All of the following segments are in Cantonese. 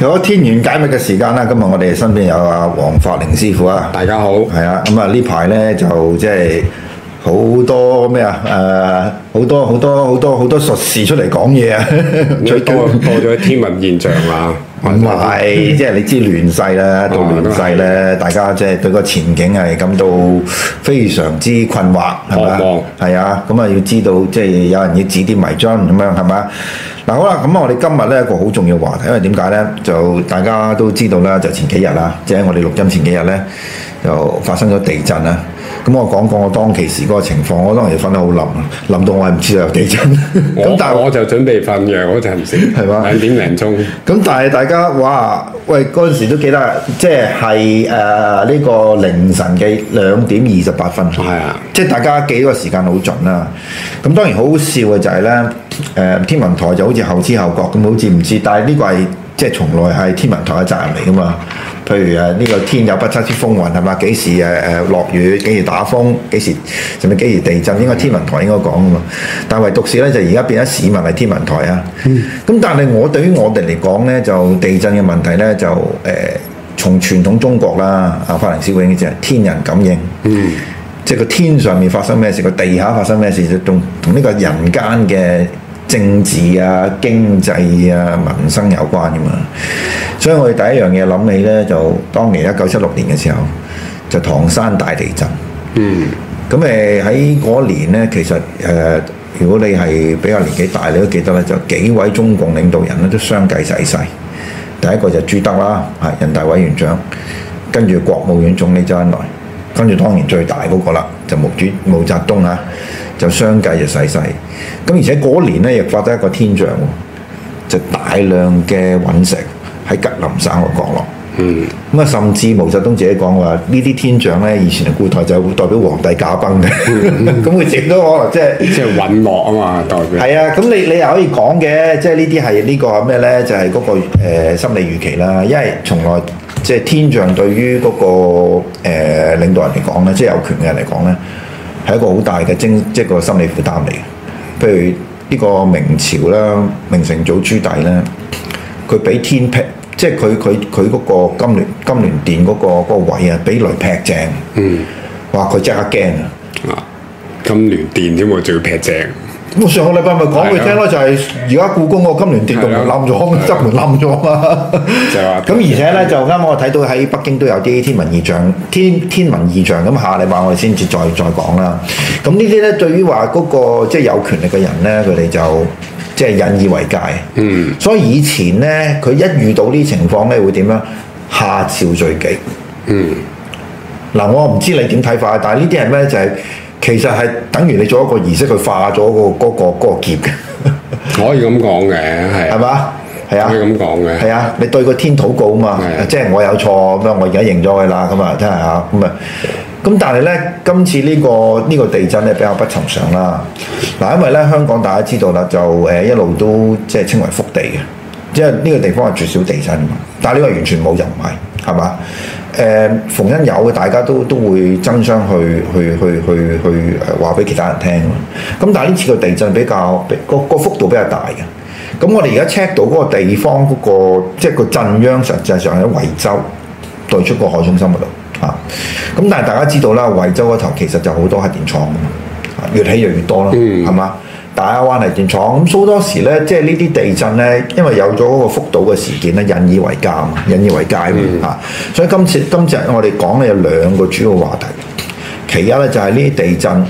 有咗天玄解密嘅時間啦，今日我哋身邊有阿黃法寧師傅啊，大家好，係啊，咁啊呢排咧就即係好多咩啊，誒，好、呃、多好多好多好多術士出嚟講嘢啊，最多咗天文現象嘛，咁啊係，即係你知亂世啦，到亂世咧，啊、大家即係對個前景係感到非常之困惑，係咪？係啊，咁啊、嗯、要知道即係、就是、有人要指點迷津咁樣，係嘛。嗱好啦，咁我哋今日咧一個好重要話題，因為點解咧？就大家都知道啦，就前幾日啦，即係我哋錄音前幾日咧，就發生咗地震啊！咁我講講我當其時嗰個情況，我當其時瞓得好冧，腍到我係唔知道有地震。我但我我就準備瞓嘅，我就唔醒。係嘛吧，兩點零鐘。咁但係大家哇，喂，嗰陣時都記得，即係係誒呢個凌晨嘅兩點二十八分。係啊，即係大家記個時間好準啦。咁當然好好笑嘅就係咧。誒、呃、天文台就好似後知後覺咁、嗯，好似唔知，但係呢個係即係從來係天文台嘅責任嚟噶嘛。譬如誒呢、啊這個天有不測之風雲係嘛？幾時誒誒落雨？幾、呃、時,時打風？幾時甚至幾時地震？應該天文台應該講噶嘛。但係唯獨是咧就而家變咗市民係天文台啊。咁、嗯、但係我對於我哋嚟講咧，就地震嘅問題咧，就誒、呃、從傳統中國啦，阿法蘭少英嘅就係天人感應，即係個天上面發生咩事，個地下發生咩事，就同同呢個人間嘅。政治啊、經濟啊、民生有關㗎嘛，所以我哋第一樣嘢諗起咧，就當年一九七六年嘅時候，就唐山大地震。嗯，咁誒喺嗰年咧，其實誒、呃，如果你係比較年紀大，你都記得啦，就幾位中共領導人咧都相繼逝世。第一個就朱德啦，係人大委員長，跟住國務院總理周恩來，跟住當然最大嗰個啦，就毛主毛澤東啊，就相繼就逝世，咁而且嗰年咧亦發咗一個天象，就大量嘅隕石喺吉林省個角落。嗯，咁啊，甚至毛澤東自己講話，呢啲天象咧，以前係古代就代表皇帝駕崩嘅，咁佢整到可能即係隕落啊嘛，代表。係啊，咁你你又可以講嘅，即係呢啲係呢個咩咧？就係、是、嗰個、就是那個呃、心理預期啦，因為從來即係、就是、天象對於嗰、那個誒、呃、領導人嚟講咧，即、就、係、是、有權嘅人嚟講咧。係一個好大嘅精，即係個心理負擔嚟嘅。譬如呢個明朝啦，明成祖朱棣咧，佢俾天劈，即係佢佢佢嗰個金鑾金鑾殿嗰個個位啊，俾雷劈正。嗯，哇！佢即刻驚啊！啊，金鑾殿添喎，仲要劈正。我上個禮拜咪講佢聽咯，的就係而家故宮個金聯電動門冧咗，的側門冧咗啊！咁的 而且咧的就啱，我睇到喺北京都有啲天文異象，天天文異象。咁下禮拜我哋先至再再講啦。咁呢啲咧對於話嗰、那個即係、就是、有權力嘅人咧，佢哋就即係、就是、引以為戒。嗯。所以以前咧，佢一遇到呢情況咧，會點樣下詔罪己？嗯。嗱、嗯，我唔知你點睇法，但係呢啲人咧就係、是。其實係等於你做一個儀式，去化咗、嗰個、嗰個、嗰個劫嘅， 可以咁講嘅，係係嘛，係啊，可以咁講嘅，係啊，你對個天禱告啊嘛，的即係我有錯咁樣，我而家認咗佢啦，咁啊真係嚇，咁啊，咁但係咧，今次呢、呢個呢、呢個地震咧比較不尋常啦，嗱，因為咧香港大家知道啦，就誒一路都即係稱為福地嘅，即係呢個地方係絕少地震，但係呢個完全冇人為，係嘛？誒逢因有嘅，大家都都會爭相去去去去去話俾其他人聽咁、嗯、但係呢次個地震比較比個，個幅度比較大嘅。咁、嗯、我哋而家 check 到嗰個地方嗰個即係個震央，實際上喺惠州對出個海中心嗰度啊。咁、嗯、但係大家知道啦，惠州嗰頭其實就好多核電廠啊，越起越越多啦，係嘛？嗯嗯大亞灣嚟電廠，咁好多時咧，即係呢啲地震咧，因為有咗嗰個福島嘅事件咧，引以為戒啊，引以為戒、嗯、啊！所以今次今日我哋講嘅有兩個主要話題。其一咧就係呢啲地震，誒、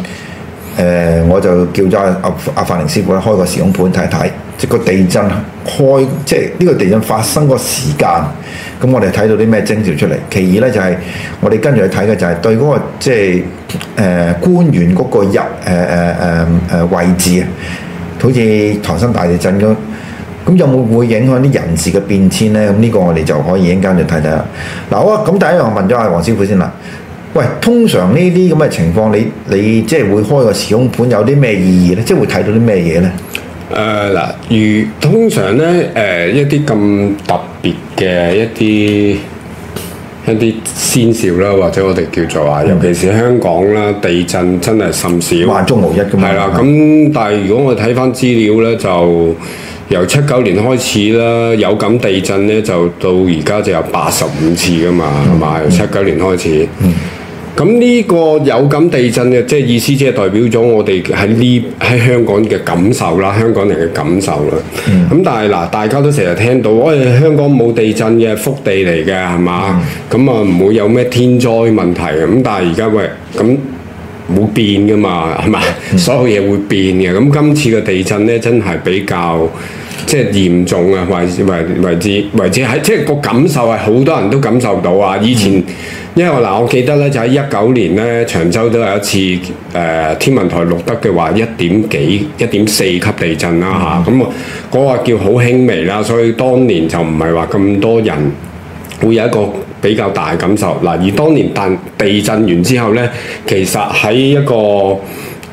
呃、我就叫咗阿阿法寧師傅咧開個時空盤睇睇，即個地震開，即係呢個地震發生個時間。咁我哋睇到啲咩徵兆出嚟？其二咧就係我哋跟住去睇嘅就係對嗰、那個即係。誒、呃、官員嗰個入誒誒誒誒位置啊，好似唐山大地震咁，咁有冇會影響啲人事嘅變遷咧？咁呢個我哋就可以陣間就睇睇啦。嗱，好啊，咁第一樣問咗阿黃師傅先啦。喂，通常呢啲咁嘅情況，你你即係會開個時空盤有啲咩意義咧？即係會睇到啲咩嘢咧？誒嗱、呃呃，如通常咧誒、呃、一啲咁特別嘅一啲。一啲先兆啦，或者我哋叫做啊，尤其是香港啦，地震真係甚少，萬中無一噶嘛。係啦，咁但係如果我睇翻資料咧，就由七九年開始啦，有感地震咧，就到而家就有八十五次噶嘛，同埋由七九年開始。嗯咁呢個有感地震嘅，即係意思即係代表咗我哋喺呢喺香港嘅感受啦，香港人嘅感受啦。咁、嗯、但係嗱，大家都成日聽到，我、哎、香港冇地震嘅福地嚟嘅，係嘛？咁啊唔會有咩天災問題。咁但係而家喂，咁冇變噶嘛，係嘛？嗯、所有嘢會變嘅。咁今次嘅地震咧，真係比較。即係嚴重啊，為為為之為之喺即係、這個感受係好多人都感受到啊！以前因為嗱、呃，我記得咧就喺一九年咧，長洲都有一次誒、呃、天文台錄得嘅話一點幾一點四級地震啦、啊、吓，咁啊嗰個叫好輕微啦，所以當年就唔係話咁多人會有一個比較大嘅感受。嗱、呃，而當年但地震完之後咧，其實喺一個。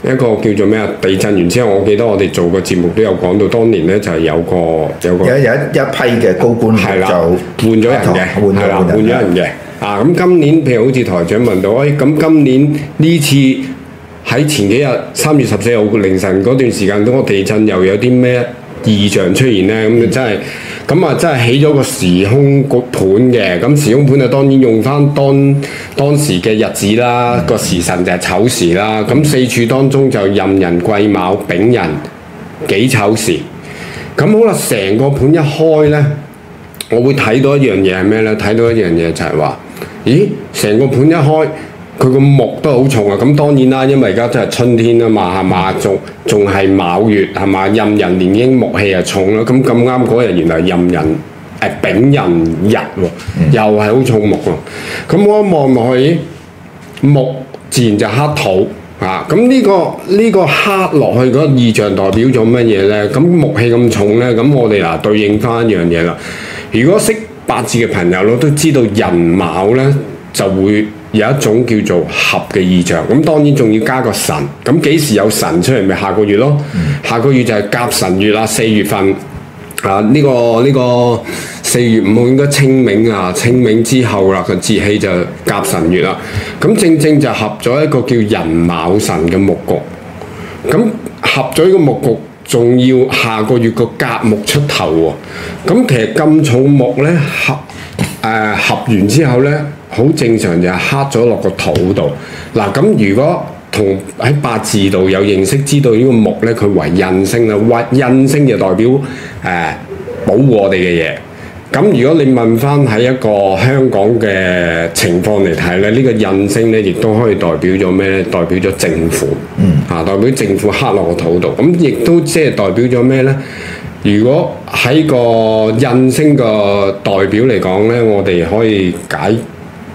一個叫做咩啊？地震完之後，我記得我哋做個節目都有講到，當年呢，就係、是、有個有個有一，有一批嘅高官就換咗人嘅，換咗人嘅。人啊，咁今年譬如好似台長問到，喂、哎，咁今年呢次喺前幾日三月十四號凌晨嗰段時間，嗰個地震又有啲咩異象出現呢？嗯，咁你真係。咁啊、嗯，真係起咗個時空個盤嘅，咁、嗯、時空盤就當然用翻當當時嘅日子啦，個時辰就係丑時啦。咁、嗯、四柱當中就壬寅、癸卯、丙寅、己丑時。咁、嗯、好啦，成個盤一開咧，我會睇到一樣嘢係咩咧？睇到一樣嘢就係話，咦，成個盤一開。佢個木都好重啊！咁當然啦，因為而家真係春天啊嘛，係嘛？仲仲係卯月係嘛？壬寅年應木氣又重啦。咁咁啱嗰日原來壬寅，誒、啊、丙寅日喎，又係好重木喎。咁我一望落去，木自然就克土嚇。咁、啊、呢、呢個呢、呢個克落去嗰個異象代表咗乜嘢呢？咁木氣咁重呢，咁我哋嗱對應翻一樣嘢啦。如果識八字嘅朋友咯，我都知道壬卯呢就會。有一種叫做合嘅意象，咁當然仲要加個辰，咁幾時有辰出嚟咪下個月咯？嗯、下個月就係甲辰月啦，四月份啊呢、這個呢、這個四月五號應該清明啊，清明之後啦個節氣就甲辰月啦。咁正正就合咗一個叫寅卯辰嘅木局，咁合咗呢個木局，仲要下個月個甲木出頭喎、哦。咁其實金草木呢，合誒、呃、合完之後呢。好正常就係剋咗落個土度嗱。咁如果同喺八字度有認識，知道呢個木咧，佢為印星啦。為印星就代表誒、呃、保護我哋嘅嘢。咁如果你問翻喺一個香港嘅情況嚟睇咧，這個、呢個印星咧亦都可以代表咗咩咧？代表咗政府，嗯、啊，代表政府剋落個土度。咁亦都即係代表咗咩咧？如果喺個印星個代表嚟講咧，我哋可以解。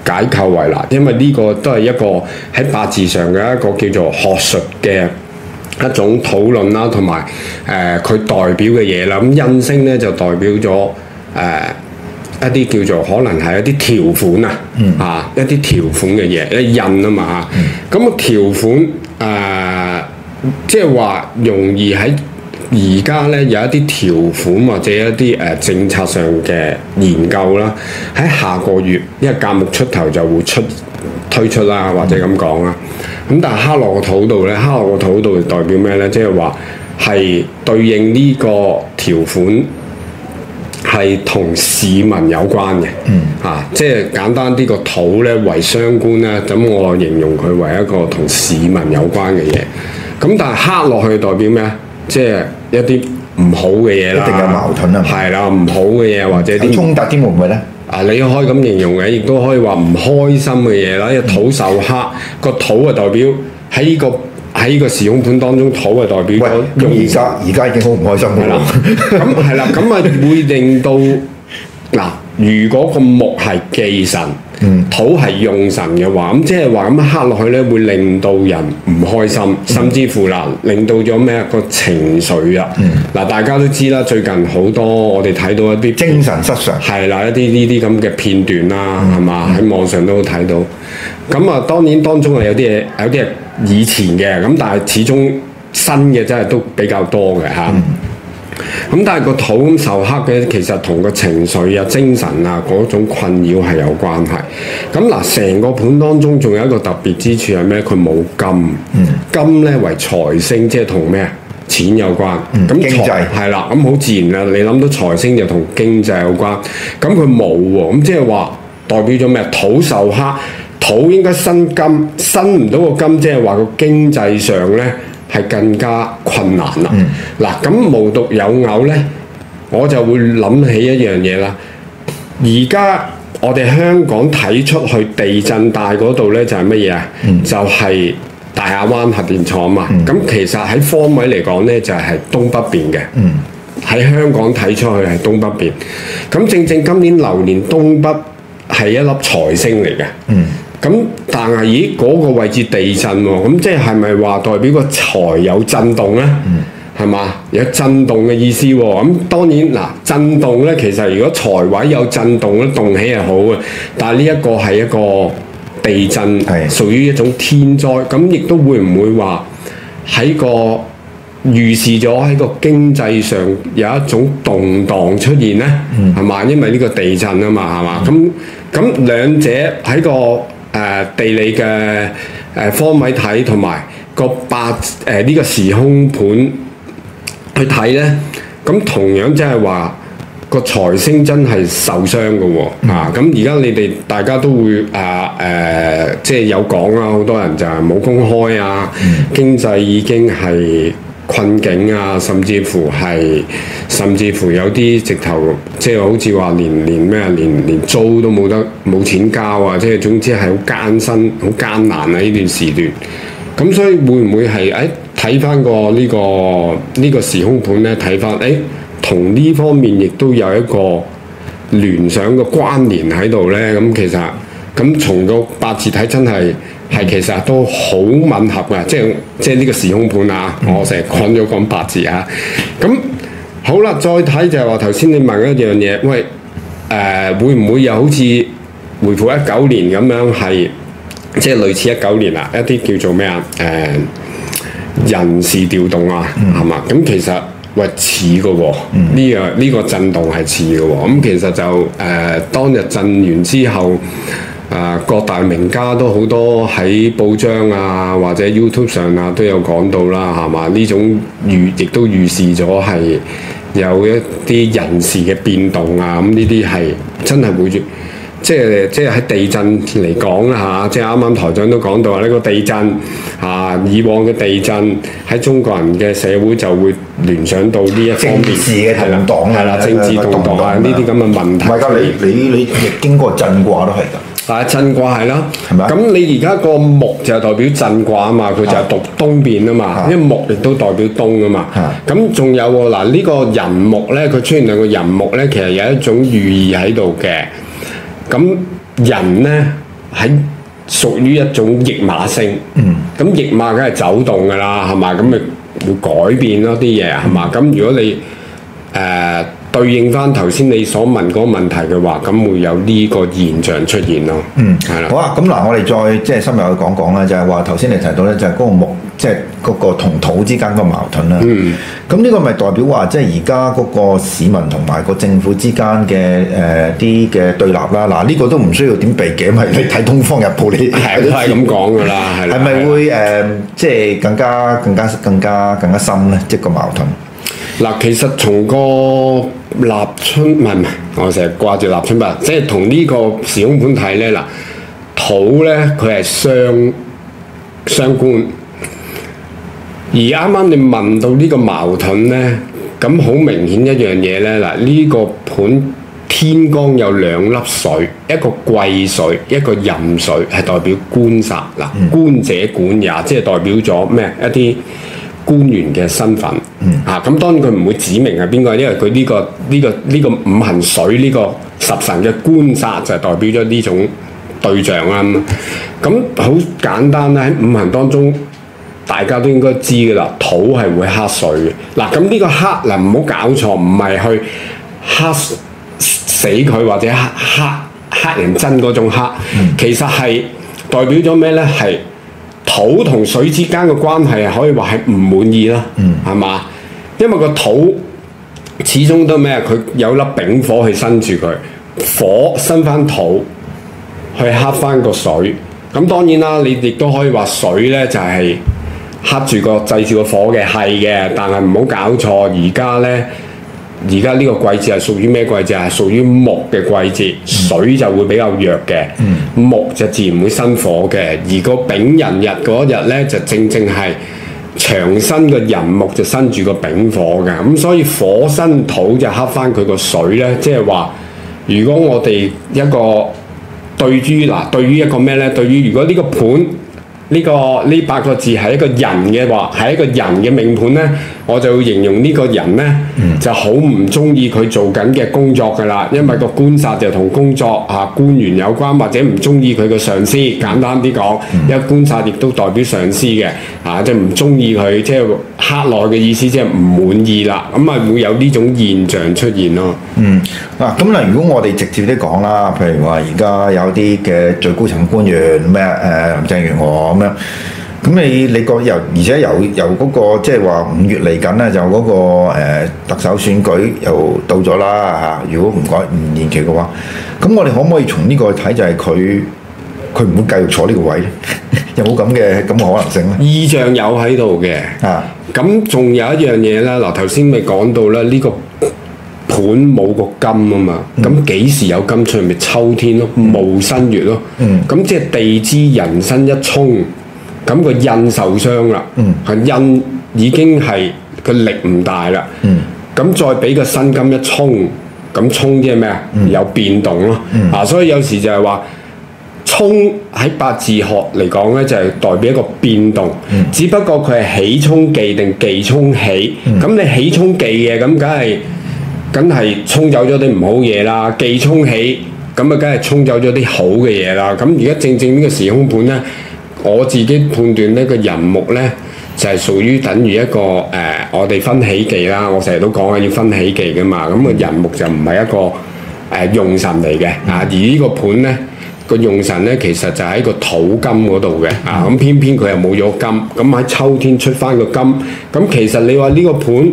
解構為難，因為呢個都係一個喺八字上嘅一個叫做學術嘅一種討論啦，同埋誒佢代表嘅嘢啦。咁印星咧就代表咗誒、呃、一啲叫做可能係一啲條款、嗯、啊，嚇一啲條款嘅嘢，一印啊嘛嚇。咁、嗯、條款誒即係話容易喺。而家咧有一啲條款或者一啲誒、呃、政策上嘅研究啦，喺下個月，因為鑒密出頭就會出推出啦，或者咁講啦。咁但係黑落個土度咧，黑落個土度代表咩咧？即係話係對應呢個條款係同市民有關嘅。嗯，啊，即係簡單啲個土咧為相關咧，咁我形容佢為一個同市民有關嘅嘢。咁但係黑落去代表咩？即係一啲唔好嘅嘢啦，一定有矛盾啊，係啦，唔好嘅嘢、嗯、或者啲衝突啲會唔會咧？啊，你可以咁形容嘅，亦都可以話唔開心嘅嘢啦。土受克，個、嗯、土啊代表喺、呢個喺呢個時空盤當中，土啊代表容易。喂，咁而家而家已經好唔開心啦？咁係啦，咁啊 會令到嗱，如果個木係忌神。嗯、土係用神嘅話，咁即係話咁刻落去咧，會令到人唔開心，嗯、甚至乎啦，令到咗咩啊個情緒啊。嗱、嗯，大家都知啦，最近好多我哋睇到一啲精神失常，係啦一啲呢啲咁嘅片段啦，啊，係嘛喺網上都睇到。咁啊，當然當中係有啲嘢、有啲係以前嘅，咁但係始終新嘅真係都比較多嘅嚇。咁但係個土咁受克嘅，其實同個情緒啊、精神啊嗰種困擾係有關係。咁嗱，成個盤當中仲有一個特別之處係咩？佢冇金，嗯、金咧為財星，即係同咩啊錢有關。咁財係啦，咁好經濟自然啦。你諗到財星就同經濟有關。咁佢冇喎，咁即係話代表咗咩？土受克，土應該生金，生唔到個金，即係話個經濟上咧係更加困難啦。嗱、嗯，咁無獨有偶呢，我就會諗起一樣嘢啦。而家我哋香港睇出去地震帶嗰度呢，嗯、就係乜嘢啊？就係大亞灣核電廠嘛。咁、嗯、其實喺方位嚟講呢，就係、嗯、東北邊嘅。喺、嗯、香港睇出去係東北邊。咁正正今年流年東北係一粒財星嚟嘅。嗯咁但係咦嗰、那個位置地震喎、哦，咁即係咪話代表個財有震動呢？係嘛、嗯、有震動嘅意思喎、哦。咁當然嗱、啊、震動呢，其實如果財位有震動咧，動起係好嘅。但係呢一個係一個地震，屬於一種天災。咁亦的都會唔會話喺個預示咗喺個經濟上有一種動盪出現呢？係嘛、嗯，因為呢個地震啊嘛，係嘛。咁咁、嗯、兩者喺個誒、呃、地理嘅誒方位睇同埋個八誒呢、呃這個時空盤去睇咧，咁同樣即係話個財星真係受傷嘅喎、哦，咁而家你哋大家都會啊誒，即、呃、係、呃就是、有講啦，好多人就係冇公開啊，嗯、經濟已經係。困境啊，甚至乎係，甚至乎有啲直頭，即係好似話連連咩啊，連連租都冇得冇錢交啊！即係總之係好艱辛、好艱難啊！呢段時段，咁所以會唔會係誒睇翻個呢個呢個時空盤咧？睇翻誒同呢方面亦都有一個聯想嘅關聯喺度咧？咁其實，咁從個八字睇，真係。係，其實都好吻合嘅，即係即係呢個時空盤啊！嗯、我成日講咗講八字啊，咁好啦，再睇就係話頭先你問一樣嘢，喂，誒、呃、會唔會又好似回復一九年咁樣，係即係類似一九年啊？一啲叫做咩啊？誒、呃、人事調動啊，係嘛、嗯？咁其實喂似嘅喎、哦，呢、嗯呢個呢、呢個震動係似嘅喎、哦，咁、嗯、其實就誒、呃、當日震完之後。誒各大名家都好多喺報章啊，或者 YouTube 上啊，都有講到啦，係嘛？呢種預亦都預示咗係有一啲人事嘅變動啊，咁呢啲係真係會即係即係喺地震嚟講啦嚇，即係啱啱台長都講到啊，呢個地震嚇、啊，以往嘅地震喺中國人嘅社會就會聯想到呢一方面政治嘅動盪、啊、啦，啊、啦政治動盪啊呢啲咁嘅問題、啊，你你你亦你經過震卦都係 係震卦係啦，咁你而家個木就代表震卦啊嘛，佢就係讀東邊啊嘛，因為木亦都代表東啊嘛。咁仲有喎，嗱呢個人木咧，佢出現兩個人木咧，其實有一種寓意喺度嘅。咁人咧喺屬於一種驛馬星，咁驛馬梗係走動噶啦，係嘛？咁咪會改變咯啲嘢，係嘛？咁如果你誒，對應翻頭先你所問嗰個問題嘅話，咁會有呢個現象出現咯。嗯，係啦。好啊，咁嗱，我哋再即係深入去講講啦，就係話頭先你提到咧，就係嗰個木，即係嗰個同土之間個矛盾啦。嗯。咁呢個咪代表話，即係而家嗰個市民同埋個政府之間嘅誒啲嘅對立啦。嗱，呢個都唔需要點避嘅，咁係你睇《東方日報》你係都係咁講㗎啦。係。係咪會誒，即係更加更加更加更加深咧？即係個矛盾。嗱，其實從個立春，唔係唔係，我成日掛住立春吧，即係同呢個時空盤睇咧，嗱土咧佢係相相官，而啱啱你問到呢個矛盾咧，咁好明顯一樣嘢咧，嗱、這、呢個盤天光有兩粒水，一個癸水，一個壬水，係代表官煞，嗱、嗯、官者管也，即係代表咗咩？一啲官員嘅身份。啊，咁當然佢唔會指明係邊個，因為佢呢、呢個呢、呢個呢、呢個呢個五行水呢、呢個十神嘅官煞就係代表咗呢種對象啦。咁、啊、好簡單啦，喺五行當中，大家都應該知噶啦，土係會克水嘅。嗱、啊，咁呢個克呢，嗱唔好搞錯，唔係去克死佢或者克克克人憎嗰種克，嗯、其實係代表咗咩呢？係土同水之間嘅關係，可以話係唔滿意啦。嗯，係嘛？因為個土始終都咩啊？佢有粒丙火去生住佢，火生翻土，去克翻個水。咁當然啦，你亦都可以話水呢就係克住個制住個火嘅，係嘅。但係唔好搞錯，而家呢，而家呢個季節係屬於咩季節啊？係屬於木嘅季節，水就會比較弱嘅，木就自然會生火嘅。而個丙寅日嗰日呢，就正正係。長身嘅人木，就生住個丙火嘅，咁所以火生土就克翻佢個水咧。即係話，如果我哋一個對於嗱，對於一個咩咧，對於如果呢個盤呢個呢八個字係一個人嘅話，係一個人嘅命盤咧。我就會形容呢個人呢、嗯、就好唔中意佢做緊嘅工作噶啦，因為個官殺就同工作嚇、啊、官員有關，或者唔中意佢個上司。簡單啲講，嗯、因為官殺亦都代表上司嘅嚇，即係唔中意佢，即係克內嘅意思意，即係唔滿意啦。咁啊會有呢種現象出現咯。嗯啊，咁嗱，如果我哋直接啲講啦，譬如話而家有啲嘅最高層官員咩誒、呃、林鄭月娥咁樣。咁你你個又而且由又嗰，那個即係話五月嚟緊啦，就嗰，是那個、呃、特首選舉又到咗啦嚇！如果唔改唔延期嘅話，咁我哋可唔可以從呢個去睇就係佢佢唔會繼續坐呢個位咧？ 有冇咁嘅咁嘅可能性咧？意象有喺度嘅，啊！咁仲有一樣嘢啦，嗱頭先咪講到啦，呢、這個盤冇個金啊嘛，咁幾，嗯、時有金出去？咪、就是、秋天咯，冇新月咯，咁、嗯、即係地支寅申一沖。咁個印受傷啦，係、嗯、印已經係、嗯、個力唔大啦。咁再俾個薪金一衝，咁衝即係咩啊？嗯、有變動咯。嗯、啊，所以有時就係話衝喺八字學嚟講咧，就係、是、代表一個變動。嗯、只不過佢係起衝忌定忌衝起。咁、嗯、你起衝忌嘅，咁梗係梗係衝走咗啲唔好嘢啦。忌衝起，咁啊梗係衝走咗啲好嘅嘢啦。咁而家正正呢個時空盤咧。呢我自己判斷呢個人木呢，就係屬於等於一個誒、呃，我哋分喜忌啦。我成日都講啊，要分喜忌嘅嘛。咁個人木就唔係一個誒、呃、用神嚟嘅啊。而呢個盤呢，個用神呢，其實就喺個土金嗰度嘅啊。咁偏偏佢又冇咗金，咁喺秋天出翻個金。咁其實你話呢個盤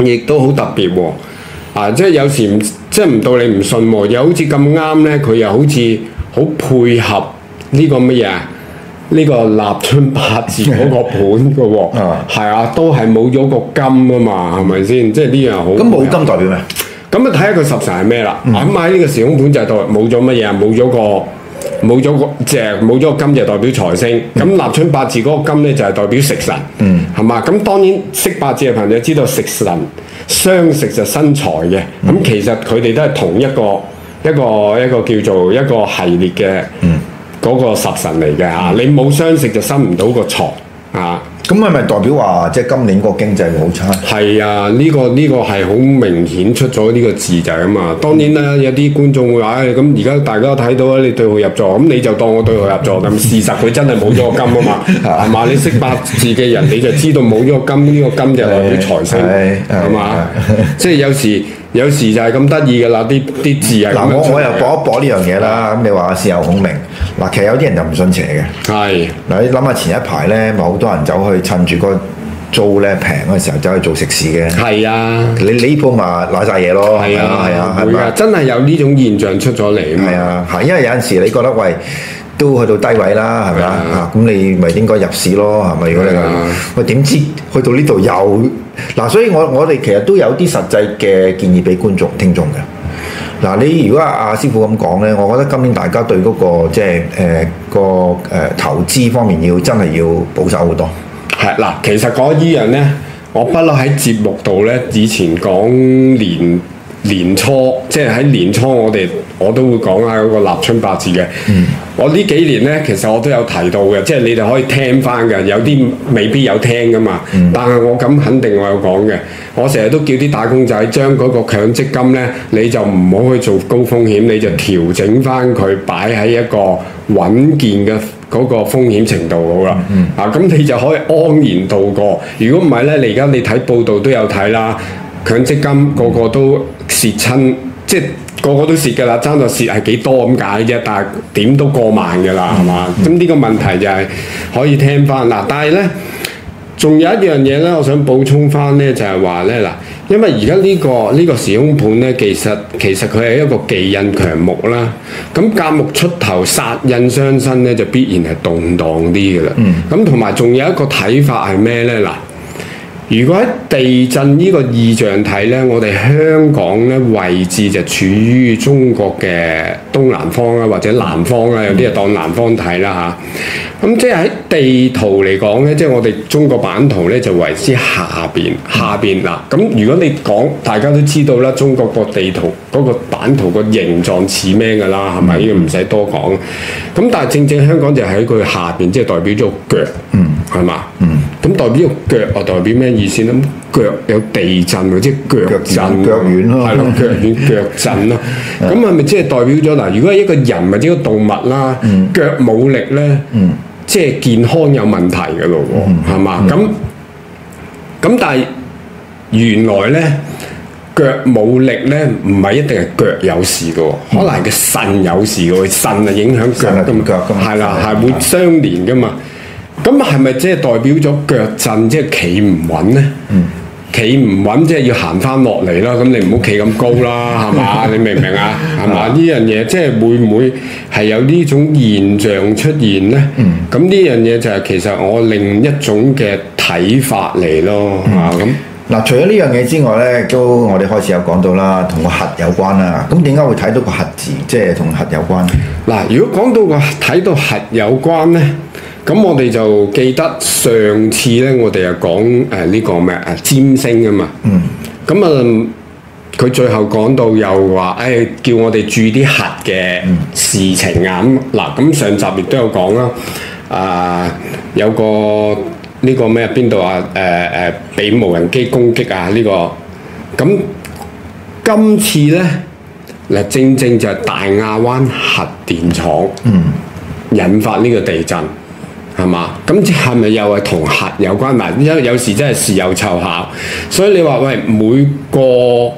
亦都好特別喎、啊。啊，即係有時即係唔到你唔信、啊，又好似咁啱呢，佢又好似好配合呢個乜嘢？呢個立春八字嗰個盤嘅喎，係 啊，都係冇咗個金啊嘛，係咪先？即係呢樣好。咁冇金代表咩？咁啊睇下佢十神係咩啦。咁喺呢個時空盤就係代冇咗乜嘢，冇咗個冇咗個隻，冇咗個金就代表財星。咁、嗯、立春八字嗰個金咧就係代表食神。嗯，係嘛？咁當然識八字嘅朋友知道食神相食就生財嘅。咁、嗯、其實佢哋都係同一個一個一個，一個叫做一個系列嘅。嗯。嗰個十神嚟嘅啊，你冇相食就生唔到個財啊，咁係咪代表話即係今年個經濟好差？係啊，呢個呢個係好明顯出咗呢個字就係啊嘛。當然啦，有啲觀眾會話，咁而家大家都睇到咧，你對號入座，咁你就當我對號入座咁。事實佢真係冇咗個金啊嘛，係嘛？你識八字嘅人你就知道冇咗個金，呢個金就代表財星係嘛？即係有時。有時就係咁得意嘅啦，啲啲字啊，嗱我我又博一博呢樣嘢啦。咁你話事後孔明，嗱其實有啲人就唔信邪嘅。係嗱的，你諗下前一排咧，咪好多人走去趁住個租咧平嘅時候走去做食肆嘅。係啊的，你呢鋪埋嗱晒嘢咯。係啊係啊，係咪啊，吧真係有呢種現象出咗嚟啊，係啊，係因為有陣時你覺得喂。都去到低位啦，係咪 Yeah. 啊？咁你咪應該入市咯，係咪？如果你我點知去到呢度又嗱，所以我我哋其實都有啲實際嘅建議俾觀眾聽眾嘅。嗱、啊，你如果阿、啊、師傅咁講呢，我覺得今年大家對嗰、那個即係誒個誒、呃、投資方面要真係要保守好多。係嗱，其實嗰啲人呢，我不嬲喺節目度呢，以前講年。年初即係喺年初，年初我哋我都會講下嗰個立春八字嘅。嗯、我呢幾年呢，其實我都有提到嘅，即係你哋可以聽翻嘅，有啲未必有聽噶嘛。嗯、但係我敢肯定我有講嘅，我成日都叫啲打工仔將嗰個強積金呢，你就唔好去做高風險，你就調整翻佢擺喺一個穩健嘅嗰個風險程度好啦。嗯嗯啊，咁你就可以安然度過。如果唔係呢，你而家你睇報道都有睇啦。強積金個個都蝕親，即係個個都蝕㗎啦，爭在蝕係幾多咁解啫？但係點都過萬嘅啦，係嘛？咁呢個問題就係可以聽翻嗱，但係咧，仲有一樣嘢咧，我想補充翻咧，就係話咧嗱，因為而家呢個呢個時空盤咧，其實其實佢係一個忌印強木啦，咁甲木出頭殺印傷身咧，就必然係動盪啲嘅啦。咁同埋仲有一個睇法係咩咧嗱？如果喺地震呢個意象睇呢，我哋香港呢位置就處於中國嘅東南方啦，啊，或者南方啦，啊，有啲就當南方睇啦嚇。咁，啊嗯、即係地圖嚟講咧，即係我哋中國版圖咧，就為之下邊下邊嗱。咁如果你講，大家都知道啦，中國個地圖嗰、那個版圖個形狀似咩㗎啦，係咪？呢個唔使多講。咁但係正正香港就喺佢下邊，即係代表咗腳，嗯，係嘛吧？嗯。咁代表個腳，啊代表咩意思咧？腳有地震，或者腳震腳軟咯，係咯，腳軟、嗯、吧腳，腳震咯。咁係咪即係代表咗嗱？如果一個人或者個動物啦，腳冇力咧、嗯，嗯。嗯即係健康有問題嘅咯喎，係嘛？咁，咁但係原來咧，腳冇力咧，唔係一定係腳有事嘅喎，嗯、可能係個腎有事嘅，腎，啊影響腳嘅嘛，係啦，係吧的會相連嘅嘛。咁係咪即係代表咗腳震，即係企唔穩咧？嗯企唔穩，即係要行翻落嚟啦。咁你唔好企咁高啦，係嘛？ 你明唔明啊？係嘛 吧？呢樣嘢即係會唔會係有呢種現象出現呢？咁呢、嗯、樣嘢就係其實我另一種嘅睇法嚟咯。嗯、啊，咁嗱，除咗呢樣嘢之外呢，都我哋開始有講到啦，同個核有關啦、啊。咁點解會睇到個核字，即係同核有關？嗱，如果講到個睇到核有關呢。咁我哋就記得上次咧，我哋又講誒呢個咩啊占星啊嘛。嗯。咁啊，佢最後講到又話，誒、哎、叫我哋注意啲核嘅事情啊。咁嗱、嗯，咁上集亦都有講啦。啊，有個呢、這個咩邊度啊？誒、啊、誒，俾無人機攻擊啊！呢、這個，咁今次咧，嗱，正正就係大亞灣核電廠引發呢個地震。係嘛？咁即係咪又係同核有關？嗱，因為有時真係事有湊巧，所以你話喂，每個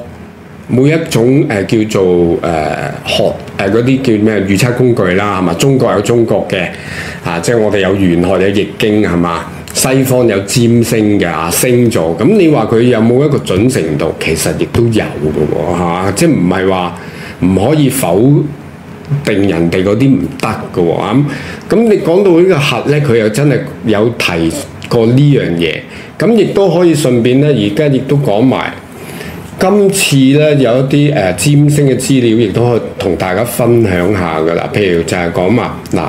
每一種誒、呃、叫做誒、呃、學誒嗰啲叫咩預測工具啦，係嘛？中國有中國嘅，啊，即係我哋有玄學有易經係嘛？西方有占星嘅、啊、星座，咁你話佢有冇一個準程度？其實亦都有嘅喎，係嘛？即係唔係話唔可以否？定人哋嗰啲唔得嘅喎，咁，咁你講到呢個核呢，佢又真係有提過呢樣嘢，咁亦都可以順便呢，而家亦都講埋今次呢有一啲誒占星嘅資料，亦都可以同大家分享下㗎啦。譬如就係講啊，嗱，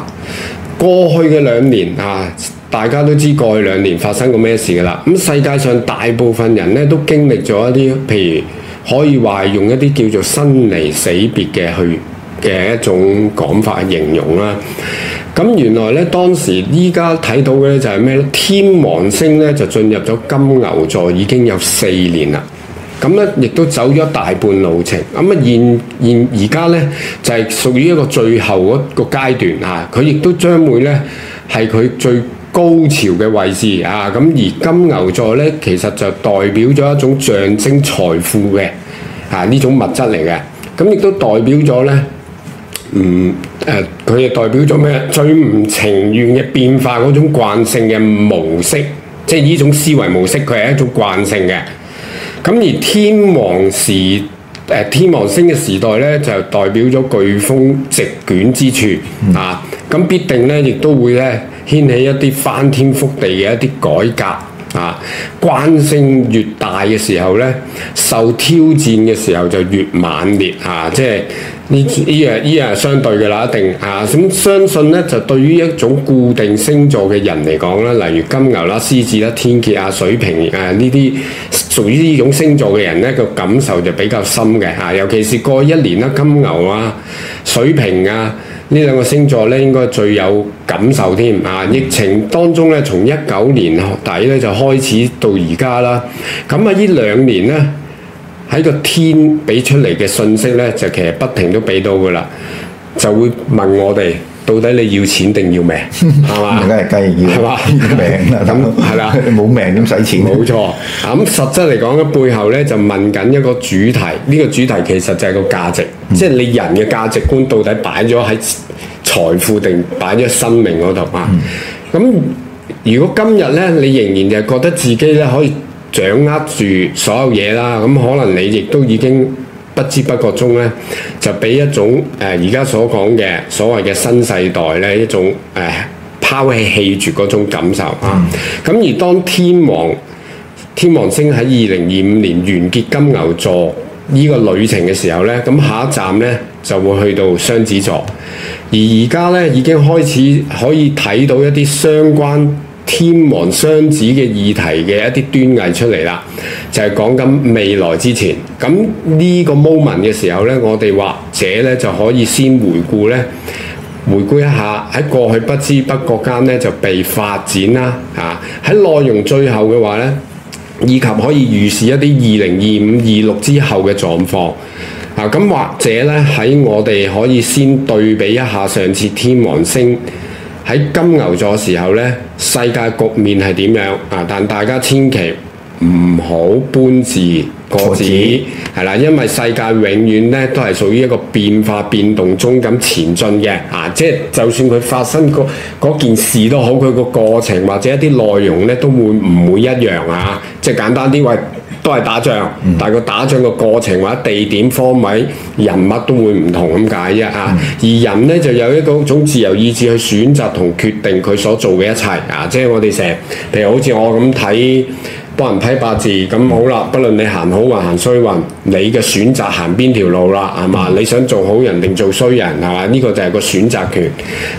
過去嘅兩年啊，大家都知過去兩年發生過咩事㗎啦。咁、嗯、世界上大部分人呢，都經歷咗一啲，譬如可以話用一啲叫做生離死別嘅去嘅一種講法形容啦，咁原來呢，當時依家睇到嘅咧就係咩咧？天王星呢就進入咗金牛座已經有四年啦，咁咧亦都走咗大半路程，咁啊現現而家呢，就係、是、屬於一個最後嗰個階段嚇，佢、啊、亦都將會呢係佢最高潮嘅位置啊！咁而金牛座呢，其實就代表咗一種象徵財富嘅啊呢種物質嚟嘅，咁亦都代表咗呢。唔誒，佢係、嗯呃、代表咗咩？最唔情願嘅變化嗰種慣性嘅模式，即係呢種思維模式，佢係一種慣性嘅。咁而天王時誒、呃、天王星嘅時代咧，就代表咗颶風席捲之處、嗯、啊！咁必定咧，亦都會咧掀起一啲翻天覆地嘅一啲改革。啊，慣性越大嘅時候呢，受挑戰嘅時候就越猛烈啊！即係呢樣呢樣係相對嘅啦，一定啊！咁、嗯、相信呢。就對於一種固定星座嘅人嚟講咧、啊，例如金牛啦、啊、獅子啦、啊、天蠍啊、水瓶啊呢啲屬於呢種星座嘅人呢，個感受就比較深嘅嚇、啊。尤其是過一年啦、啊，金牛啊、水瓶啊。呢兩個星座咧，應該最有感受添啊！疫情當中咧，從一九年底咧就開始到而家啦。咁啊，呢兩年呢，喺個天俾出嚟嘅信息咧，就其實不停都俾到噶啦，就會問我哋。到底你要錢定要命，係嘛 吧？梗係要，係嘛？ 命啊，咁係啦，冇命咁使錢？冇 錯，咁、嗯嗯、實質嚟講嘅背後咧，就問緊一個主題。呢、呢個主題其實就係個價值，即係你人嘅價值觀到底擺咗喺財富定擺咗生命嗰度啊？咁、嗯、如果今日咧，你仍然就覺得自己咧可以掌握住所有嘢啦，咁可能你亦都已經。不知不覺中呢，就俾一種誒而家所講嘅所謂嘅新世代呢一種誒拋棄住嗰種感受啊！咁、嗯、而當天王天王星喺二零二五年完結金牛座呢個旅程嘅時候呢，咁下一站呢就會去到雙子座，而而家呢已經開始可以睇到一啲相關。天王雙子嘅議題嘅一啲端倪出嚟啦，就係、是、講緊未來之前，咁呢個 moment 嘅時候呢，我哋或者呢就可以先回顧呢，回顧一下喺過去不知不覺間呢就被發展啦，啊喺內容最後嘅話呢，以及可以預示一啲二零二五、二六之後嘅狀況，啊咁、啊、或者呢，喺我哋可以先對比一下上次天王星。喺金牛座時候呢，世界局面係點樣啊？但大家千祈唔好搬字過紙，係啦自，因為世界永遠呢都係屬於一個變化變動中咁前進嘅啊！即係就算佢發生個嗰件事都好，佢個過程或者一啲內容呢都會唔會一樣啊？即係簡單啲話。都係打仗，但係佢打仗個過程或者地點、方位、人物都會唔同咁解啫嚇。嗯、而人呢，就有一種自由意志去選擇同決定佢所做嘅一切啊，即係我哋成日，譬如好似我咁睇。幫人睇八字咁好啦，不論你行好運行衰運，你嘅選擇行邊條路啦，係嘛？你想做好人定做衰人係嘛？呢個就係個選擇權。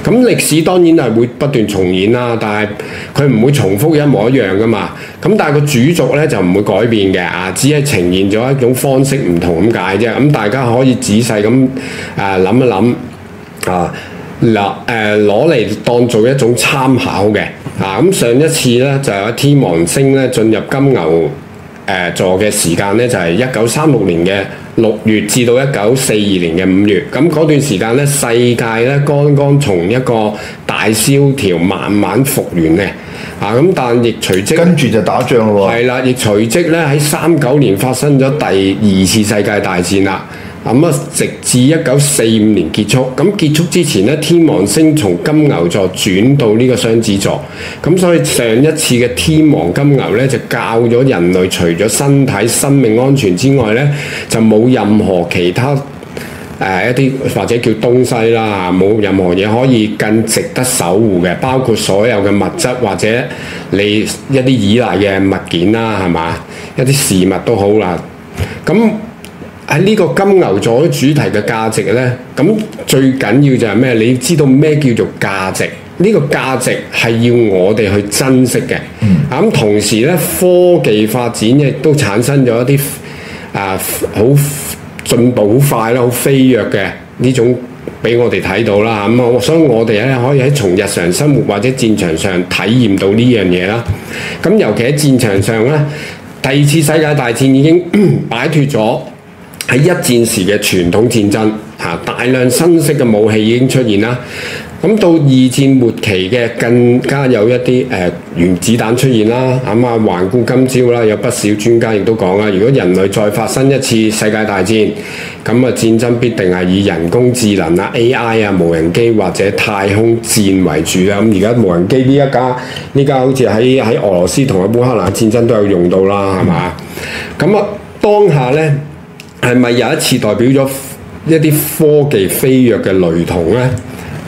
咁歷史當然係會不斷重演啦，但係佢唔會重複一模一樣噶嘛。咁但係個主軸呢，就唔會改變嘅啊，只係呈現咗一種方式唔同咁解啫。咁大家可以仔細咁啊諗一諗啊。呃嗱，誒攞嚟當做一種參考嘅，啊咁上一次咧就有天王星咧進入金牛、呃、座嘅時間咧就係一九三六年嘅六月至到一九四二年嘅五月，咁、啊、嗰段時間咧世界咧剛剛從一個大蕭條慢慢復原咧，啊咁但亦隨即跟住就打仗咯喎，係啦，亦隨即咧喺三九年發生咗第二次世界大戰啦。咁啊，直至一九四五年結束。咁結束之前咧，天王星從金牛座轉到呢個雙子座。咁所以上一次嘅天王金牛咧，就教咗人類除咗身體生命安全之外咧，就冇任何其他誒、呃、一啲或者叫東西啦，冇任何嘢可以更值得守護嘅，包括所有嘅物質或者你一啲依賴嘅物件啦，係嘛？一啲事物都好啦，咁。喺呢個金牛座主題嘅價值呢，咁最緊要就係咩？你要知道咩叫做價值，呢、這個價值係要我哋去珍惜嘅。啊、嗯，咁同時呢，科技發展亦都產生咗一啲啊好進步好快啦，好飛躍嘅呢種俾我哋睇到啦。嚇咁啊，所以我哋咧可以喺從日常生活或者戰場上體驗到呢樣嘢啦。咁尤其喺戰場上呢，第二次世界大戰已經擺 脫咗。喺一戰時嘅傳統戰爭嚇，大量新式嘅武器已經出現啦。咁到二戰末期嘅更加有一啲誒、呃、原子彈出現啦。咁、嗯、啊，環顧今朝啦，有不少專家亦都講啦。如果人類再發生一次世界大戰，咁、嗯、啊，戰爭必定係以人工智能啊、AI 啊、無人機或者太空戰為主啦。咁而家無人機呢一家呢家好似喺喺俄羅斯同烏克蘭戰爭都有用到啦，係嘛？咁、嗯、啊，當下呢。係咪有一次代表咗一啲科技飛躍嘅雷同呢？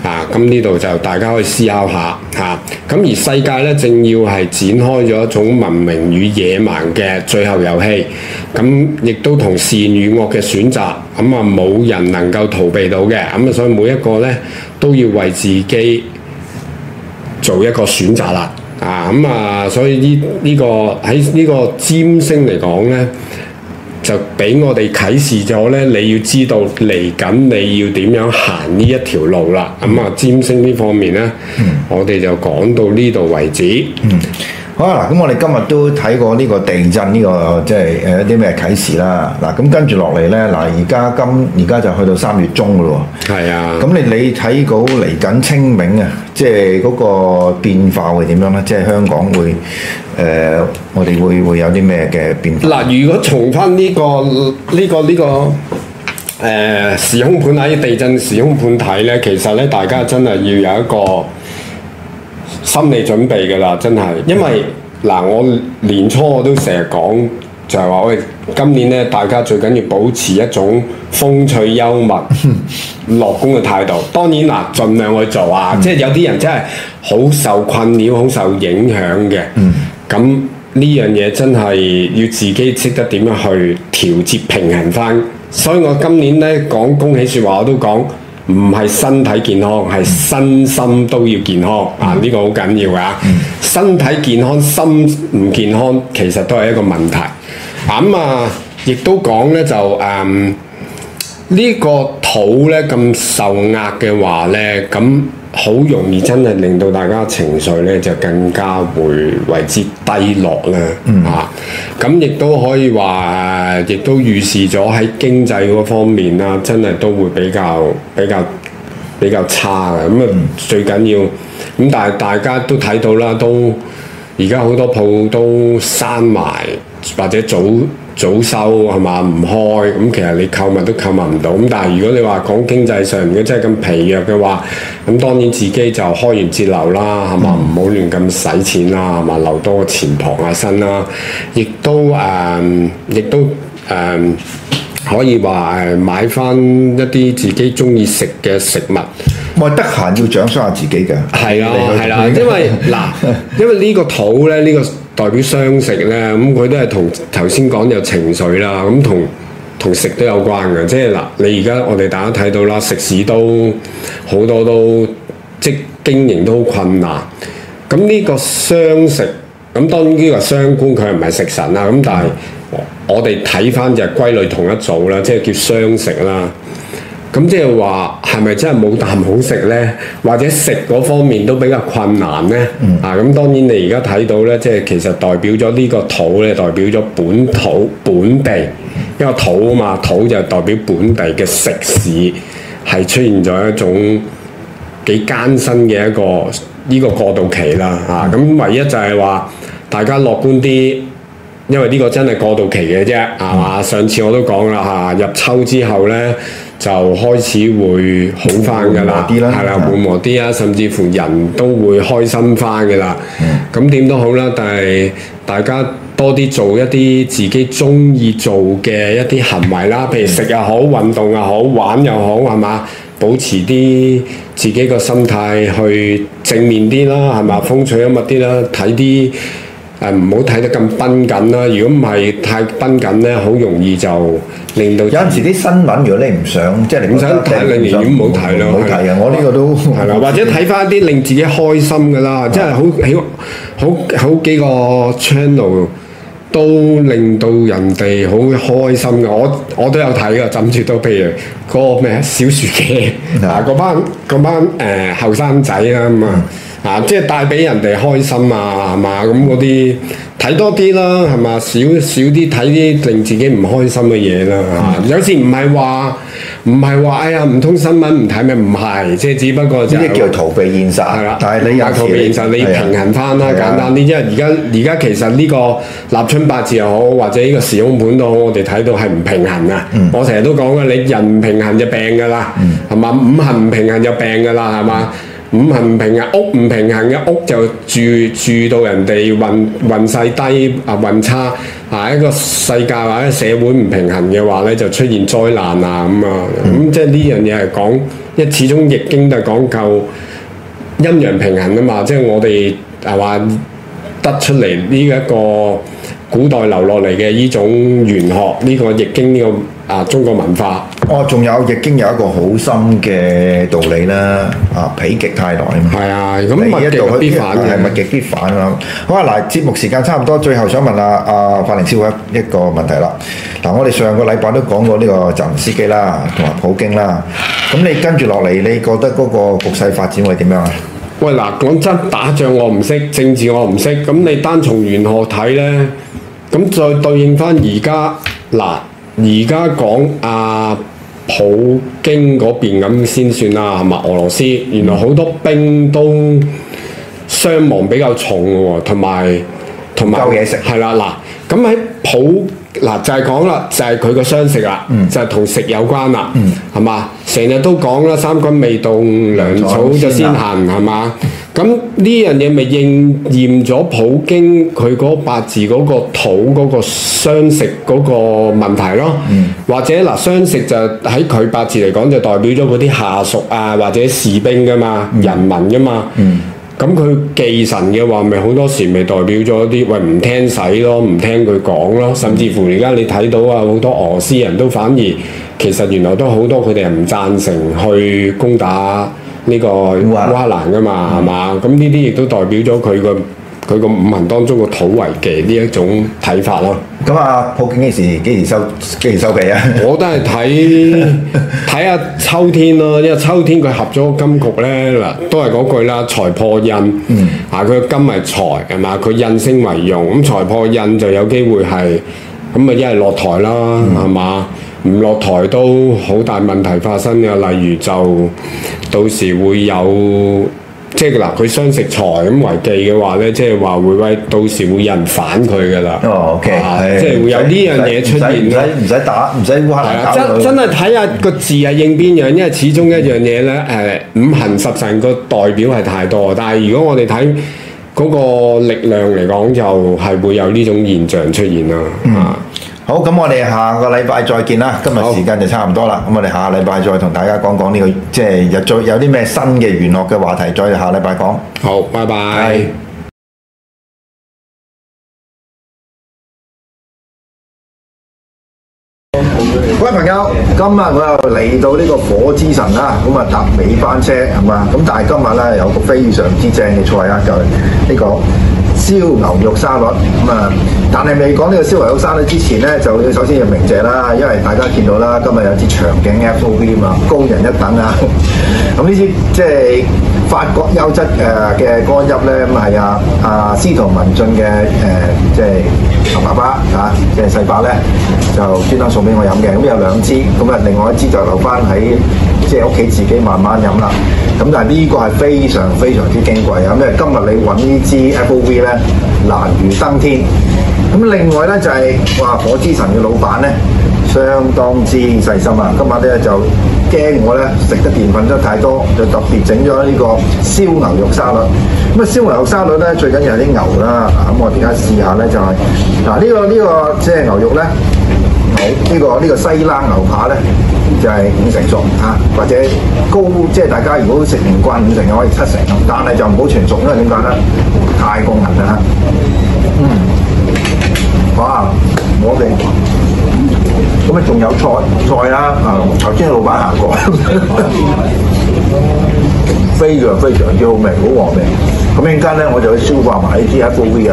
啊，咁呢度就大家可以思考下嚇。咁、啊、而世界咧正要係展開咗一種文明與野蠻嘅最後遊戲。咁、啊、亦都同善與惡嘅選擇，咁啊冇人能夠逃避到嘅。咁啊，所以每一個咧都要為自己做一個選擇啦。啊，咁啊，所以呢呢、這個喺呢個占星嚟講咧。就俾我哋啟示咗咧，你要知道嚟緊你要點樣行呢一條路啦。咁啊、嗯，占星呢方面咧，我哋就講到呢度為止。好啦，咁我哋今日都睇過呢個地震呢個，即係誒一啲咩啟示啦。嗱，咁跟住落嚟咧，嗱而家今而家就去到三月中噶咯喎。係啊。咁你你睇到嚟緊清明啊，即係嗰個變化會點樣咧？即係香港會誒，我哋會會有啲咩嘅變化？嗱，如果從翻呢個呢個呢個誒時空盤喺地震時空盤睇咧，其實咧大家真係要有一個心理準備嘅啦，真係，因為嗱，我年初我都成日講，就係話喂，今年咧大家最緊要保持一種風趣幽默、樂觀嘅態度。當然嗱，盡量去做啊， 即係有啲人真係好受困擾、好受影響嘅。咁呢 樣嘢真係要自己識得點樣去調節平衡翻。所以我今年咧講恭喜説話我都講。唔係身體健康，係身心都要健康啊！呢、這個好緊要啊，身體健康，心唔健康，其實都係一個問題。咁、嗯、啊，亦都講咧就誒，呢、嗯這個肚咧咁受壓嘅話咧，咁。好容易真係令到大家情緒呢就更加會為之低落啦嚇，咁亦、嗯啊、都可以話，亦都預示咗喺經濟嗰方面啦，真係都會比較比較比較差嘅。咁啊最緊要咁，但係大家都睇到啦，都而家好多鋪都閂埋或者早。早收，係嘛，唔開，咁其實你購物都購物唔到。咁但係如果你話講經濟上如果真係咁疲弱嘅話，咁當然自己就開源節流啦，係嘛，唔好亂咁使錢啦，係嘛，留多個錢傍下身啦。亦都誒，亦、嗯、都誒、嗯、可以話誒買翻一啲自己中意食嘅食物。喂，得閒要獎賞下自己嘅。係啊的，係啦，因為嗱，因為呢個肚咧，呢、呢個。代表相食咧，咁佢都係同頭先講有情緒啦，咁同同食都有關嘅，即係嗱，你而家我哋大家睇到啦，食肆都好多都即經營都好困難，咁呢個相食，咁當然呢個相官佢係唔係食神啦，咁但係我哋睇翻就係歸類同一組啦，即係叫相食啦。咁即係話係咪真係冇啖好食呢？或者食嗰方面都比較困難呢？嗯、啊，咁當然你而家睇到呢，即係其實代表咗呢個土呢代表咗本土本地因為土啊嘛，土就代表本地嘅食肆，係出現咗一種幾艱辛嘅一個呢個過渡期啦。啊，咁唯一就係話大家樂觀啲，因為呢個真係過渡期嘅啫，係嘛？嗯、上次我都講啦嚇，入秋之後呢。就開始會好翻噶啦，係啦，緩和啲啊，甚至乎人都會開心翻噶啦。咁點、嗯、都好啦，但係大家多啲做一啲自己中意做嘅一啲行為啦，譬如食又好，運動又好，玩又好，係嘛？保持啲自己個心態去正面啲啦，係嘛？風趣幽默啲啦，睇啲。誒，唔好睇得咁崩緊啦！如果唔係太崩緊咧，好容易就令到有陣時啲新聞，如果你唔想即係唔想睇，你寧願唔好睇咯。唔好睇嘅，的我呢個都係啦的，或者睇翻一啲令自己開心嘅啦，即係好好好幾個 channel 都令到人哋好開心嘅。我我都有睇嘅，甚至到譬如嗰、那個咩小薯茄嗱，嗰班嗰班誒後生仔啦咁啊！ 啊！即係帶俾人哋開心啊，係嘛？咁嗰啲睇多啲啦，係嘛？少少啲睇啲令自己唔開心嘅嘢啦，嚇、嗯！有時唔係話唔係話，哎呀唔通新聞唔睇咩？唔係，即係只不過即係叫逃避現實係啦。吧但係你有時逃避現實，你平衡翻啦，啊、簡單啲，因為而家而家其實呢個立春八字又好，或者呢個時空盤都好，我哋睇到係唔平衡啊！嗯、我成日都講啊，你人唔平衡就病㗎啦，係嘛、嗯？五行唔平衡就病㗎啦，係嘛？五行唔平衡，屋唔平衡嘅屋就住住到人哋運運勢低啊，運差啊，一個世界或者社會唔平衡嘅話咧，就出現災難啊咁啊，咁、嗯嗯嗯、即係呢樣嘢係講一始終易經都係講究陰陽平衡啊嘛，即係我哋係話得出嚟呢一個古代留落嚟嘅呢種玄學呢、呢個易經呢、呢個。啊！中國文化哦，仲、啊、有《易經》有一個好深嘅道理啦，啊，否極泰來啊嘛。係啊，咁物佢必反，係物極必反啊。好啊，嗱，節目時間差唔多，最後想問下、啊、阿、啊、法寧超一一個問題啦。嗱、啊，我哋上個禮拜都講過呢個澤連斯基啦，同埋普京啦。咁你跟住落嚟，你覺得嗰個局勢發展會點樣啊？喂嗱，講真，打仗我唔識，政治我唔識。咁你單從玄學睇咧？咁再對應翻而家嗱。而家講阿普京嗰邊咁先算啦，係嘛？俄羅斯原來好多兵都傷亡比較重喎，同埋同埋，嘢食，係啦嗱，咁喺普嗱就係講啦，就係佢個傷食啦，嗯、就係同食有關啦，係嘛、嗯？成日都講啦，三軍未動，糧草就先行，係嘛？咁呢樣嘢咪應驗咗普京佢嗰八字嗰個土嗰個傷食嗰個問題咯，或者嗱傷食就喺佢八字嚟講就代表咗嗰啲下屬啊或者士兵噶嘛、嗯、人民噶嘛，咁佢、嗯嗯、忌神嘅話咪好多時咪代表咗啲喂唔聽使咯，唔聽佢講咯，甚至乎而家你睇到啊好多俄斯人都反而其實原來都好多佢哋唔贊成去攻打。呢、這個烏克蘭噶嘛，係嘛、嗯？咁呢啲亦都代表咗佢個佢個五行當中個土為忌呢一種睇法咯。咁啊，普京幾時幾時收幾時收皮啊？我都係睇睇下秋天咯、啊，因為秋天佢合咗金局咧，嗱都係嗰句啦，財破印。嗯、啊，佢金係財係嘛？佢印星為用，咁、嗯、財破印就有機會係咁啊！一係落台啦，係嘛？嗯唔落台都好大問題發生嘅，例如就到時會有即係嗱，佢相食財咁為忌嘅話咧，即係話會威到時會有人反佢噶啦。哦，OK，即係會有呢是樣嘢出現咧。唔使打，唔使烏黑真真係睇下個字係應邊樣，嗯、因為始終一樣嘢咧。誒，五行十神個代表係太多，但係如果我哋睇嗰個力量嚟講，就係、是、會有呢種現象出現啦。嗯。好，咁我哋下個禮拜再見啦。今日時間就差唔多啦，咁好我哋下個禮拜再同大家講講呢個，即係有再有啲咩新嘅娛樂嘅話題，再下個禮拜講。好，拜拜。各位拜 朋友，今日我又嚟到呢個火之神啦，咁啊搭尾班車係嘛，咁但係今日咧有個非常之正嘅菜啊，就係呢個。燒牛肉沙律咁啊！但係未講呢個燒牛肉沙律之前咧，就首先要鳴謝啦，因為大家見到啦，今日有支長頸 FOV 嘛，高人一等啊！咁 呢、嗯、支即係、就是、法國優質誒嘅乾邑咧，咁係啊啊，司、啊、徒文進嘅誒即係爸爸啊，即係細伯咧，就專登送俾我飲嘅，咁、嗯、有兩支，咁、嗯、啊，另外一支就留翻喺，即係屋企自己慢慢飲啦，咁但係呢個係非常非常之矜貴啊！咩？今日你揾呢支 F O V 咧，難如登天。咁另外咧就係、是、哇，火之神嘅老闆咧相當之細心啊！今日咧就驚我咧食得澱粉質太多，就特別整咗呢個燒牛肉沙律。咁啊，燒牛肉沙律咧最緊要係啲牛啦。咁、啊、我點解試下咧？就係、是、嗱，呢、啊呢個呢、呢個即係牛肉咧。好呢、呢個呢、呢個西冷牛扒咧，就係、係、五成熟嚇、啊，或者高即係大家如果食唔慣五成嘅，可以七成，但係就唔好全熟，因為點解咧？太過硬啦嚇。嗯。哇！我哋咁啊，仲有菜菜啦啊！頭先老闆行過 非，非常非常之好味，好和味。咁一陣間咧，我就去消化埋呢啲啊高級嘢。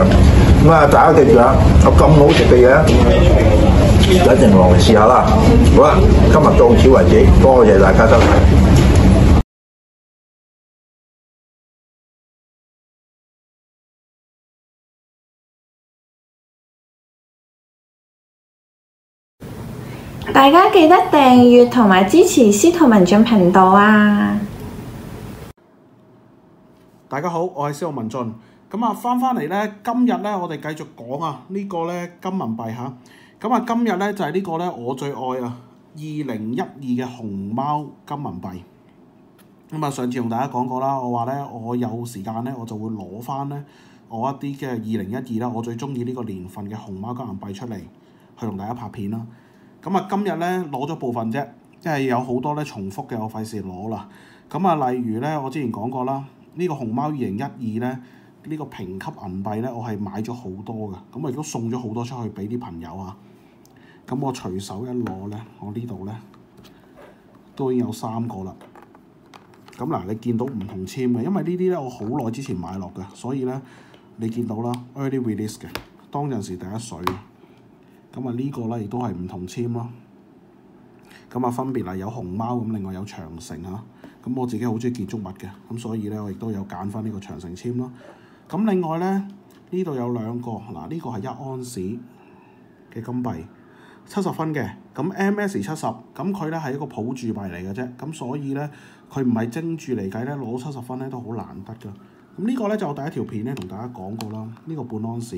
咁啊，大家記住啊，有咁好食嘅嘢。一定落嚟試下啦！好啦，今日到此為止，多謝大家收睇。大家記得訂閱同埋支持司徒文進頻道啊！大家好，我係司徒文進。咁啊，翻翻嚟咧，今日咧，我哋繼續講啊，呢個咧，金銀幣嚇。咁啊，今日咧就係呢個咧我最愛啊！二零一二嘅熊貓金銀幣。咁啊，上次同大家講過啦，我話咧我有時間咧我就會攞翻咧我一啲嘅二零一二啦，我最中意呢個年份嘅熊貓金銀幣出嚟，去同大家拍片啦。咁啊，今日咧攞咗部分啫，即係有好多咧重複嘅，我費事攞啦。咁啊，例如咧我之前講過啦，呢個熊貓二零一二咧呢個評級銀幣咧，我係買咗好多嘅，咁啊，亦都送咗好多出去俾啲朋友啊。咁我隨手一攞咧，我呢度咧都已經有三個啦。咁嗱，你見到唔同簽嘅，因為呢啲咧我好耐之前買落嘅，所以咧你見到啦 early release 嘅，當陣時第一水。咁啊，呢個咧亦都係唔同簽咯。咁啊，分別係有熊貓咁，另外有長城啊。咁我自己好中意建築物嘅，咁所以咧我亦都有揀翻呢個長城簽咯。咁另外咧呢度有兩個嗱，呢個係一安士嘅金幣，七十分嘅，咁 M S 七十，咁佢，咧係一個普住幣嚟嘅啫，咁所以咧佢唔係精住嚟計，咧攞七十分咧都好難得㗎。咁呢個咧就我第一條片咧同大家講過啦，呢個半安士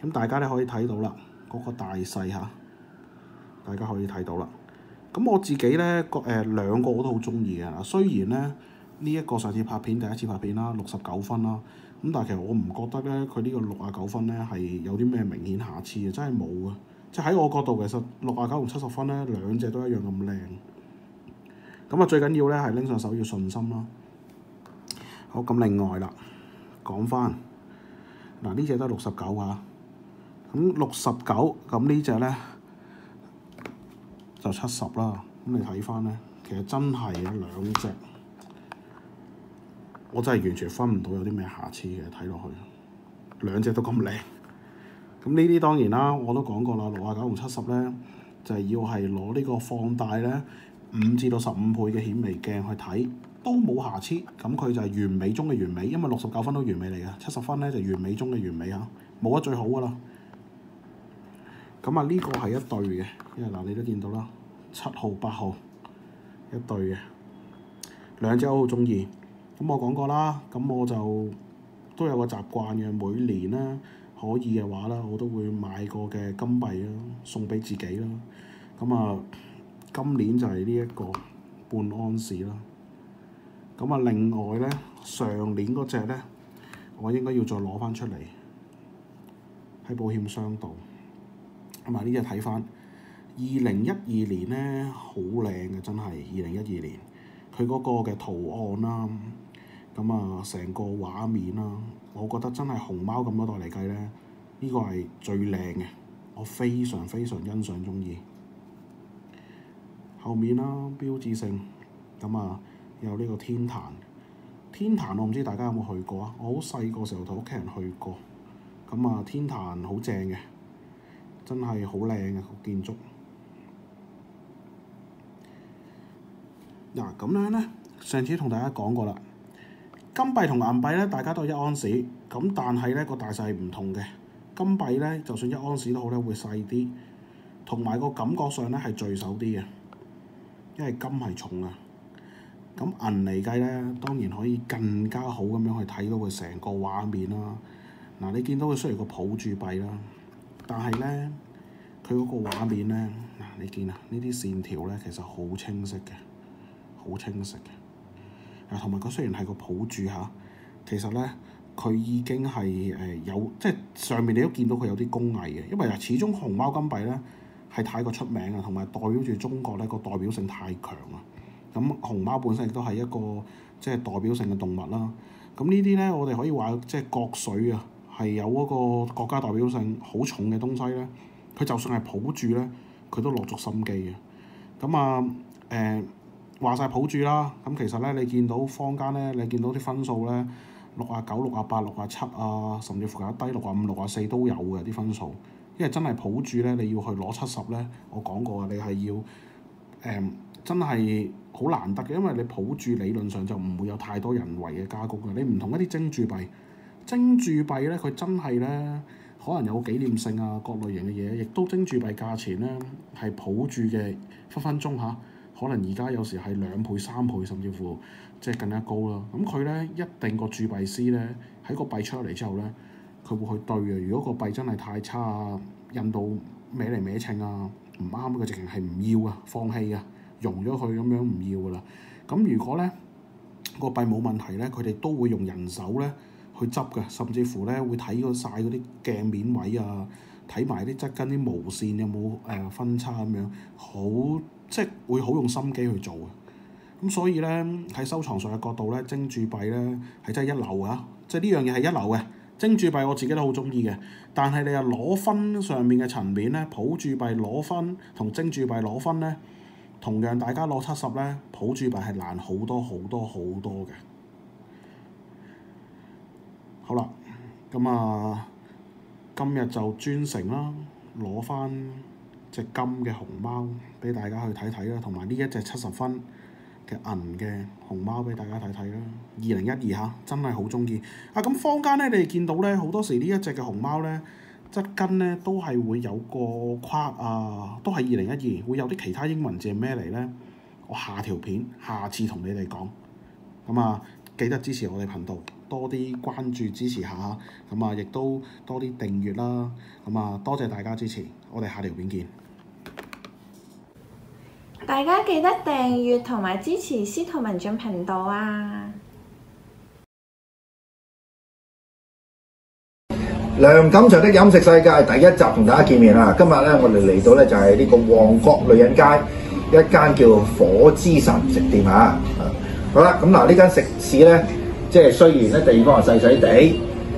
咁，大家咧可以睇到啦嗰個大細吓，大家可以睇到啦。咁我自己咧個，誒兩個我都好中意嘅嗱，雖然咧呢一個上次拍片第一次拍片啦六十九分啦，咁但係其實我唔覺得咧佢呢個六啊九分咧係有啲咩明顯瑕疵啊，真係冇啊。即喺我角度，其實六十九同七十分咧，兩隻都一樣咁靚。咁啊，最緊要咧係拎上手要信心囉。好，咁另外啦，講翻嗱呢隻都係六十九啊。咁六十九，咁呢隻咧就七十啦。咁你睇翻咧，其實真係有兩隻，我真係完全分唔到有啲咩瑕疵嘅，睇落去兩隻都咁靚。咁呢啲當然啦，我都講過啦，六啊九同七十咧，就係要係攞呢個放大咧五至到十五倍嘅顯微鏡去睇，都冇瑕疵，咁佢就係完美中嘅完美，因為六十九分都完美嚟嘅，七十分咧就完美中嘅完美嚇，冇得最好噶啦。咁啊呢個係一對嘅，因為嗱你都見到啦，七號八號一對嘅，兩隻我都好中意。咁我講過啦，咁我就都有個習慣嘅，每年咧。可以嘅話啦，我都會買過嘅金幣咯，送俾自己啦。咁啊，今年就係呢一個半安士啦。咁啊，另外咧，上年嗰隻咧，我應該要再攞翻出嚟喺保險箱度。咁啊，呢隻睇翻，二零一二年咧好靚嘅真係，二零一二年佢嗰個嘅圖案啦，咁啊成個畫面啦、啊。我覺得真係熊貓咁多代嚟計咧，呢、這個係最靚嘅，我非常非常欣賞鍾意。後面啦、啊，標誌性，咁啊有呢個天壇。天壇我唔知大家有冇去過啊，我好細個時候同屋企人去過，咁啊天壇好正嘅，真係好靚嘅建築。嗱，咁樣咧，上次同大家講過啦。金幣同銀幣咧，大家都係一安士，咁但係咧個大細唔同嘅。金幣咧，就算一安士都好咧，會細啲，同埋個感覺上咧係聚手啲嘅，因為金係重啊。咁銀嚟計咧，當然可以更加好咁樣去睇到佢成個畫面啦。嗱，你見到佢雖然個抱住幣啦，但係咧佢嗰個畫面咧，嗱你見啊，呢啲線條咧其實好清晰嘅，好清晰嘅。同埋佢雖然係個普住嚇，其實咧佢已經係誒有，即係上面你都見到佢有啲工藝嘅，因為啊始終熊貓金幣咧係太過出名啦，同埋代表住中國咧個代表性太強啦。咁熊貓本身亦都係一個即係代表性嘅動物啦。咁呢啲咧，我哋可以話即係國粹啊，係有嗰個國家代表性好重嘅東西咧。佢就算係普住咧，佢都落足心機嘅。咁啊誒。欸話晒抱住啦，咁其實咧，你見到坊間咧，你見到啲分數咧，六啊九、六啊八、六啊七啊，甚至乎有低六啊五、六啊四都有嘅啲分數。因為真係抱住咧，你要去攞七十咧，我講過呀，你係要誒、嗯，真係好難得嘅，因為你抱住理論上就唔會有太多人為嘅加工嘅。你唔同一啲精鑄幣，精鑄幣咧，佢真係咧，可能有紀念性啊，各類型嘅嘢，亦都精鑄幣價錢咧係抱住嘅分分鐘吓。可能而家有時係兩倍、三倍，甚至乎即係更加高啦。咁佢咧一定個鑄幣師咧喺個幣出嚟之後咧，佢會去對嘅。如果個幣真係太差、啊，印到歪嚟歪稱啊，唔啱，佢直情係唔要啊，放棄啊，熔咗佢咁樣唔要噶啦。咁如果咧、個幣冇問題咧，佢哋都會用人手咧去執嘅，甚至乎咧會睇嗰晒嗰啲鏡面位啊，睇埋啲質跟啲毛線有冇誒、呃、分差咁樣好。即係會好用心機去做嘅，咁所以咧喺收藏上嘅角度咧，精鑄幣咧係真係一流啊！即係呢樣嘢係一流嘅，精鑄幣我自己都好中意嘅。但係你又攞分上面嘅層面咧，普鑄幣攞分同精鑄幣攞分咧，同樣大家攞七十咧，普鑄幣係難好多好多好多嘅。好啦，咁啊，今日就專誠啦，攞翻隻金嘅熊貓俾大家去睇睇啦，同埋呢一隻七十分嘅銀嘅熊貓俾大家睇睇啦。二零一二吓，真係好鍾意啊！咁坊間咧，你哋見到咧，好多時呢一隻嘅熊貓咧，質根咧都係會有個框啊，都係二零一二，會有啲其他英文字係咩嚟咧？我下條片下次同你哋講。咁啊，記得支持我哋頻道，多啲關注支持下，咁啊亦都多啲訂閱啦。咁啊，多謝大家支持，我哋下條片見。大家記得訂閱同埋支持司徒文進頻道啊！梁錦祥的飲食世界第一集同大家見面啦！今日咧，我哋嚟到咧就係呢個旺角女人街一間叫火之神食店啊！好啦，咁嗱，呢間食肆咧，即係雖然咧地方係細細地。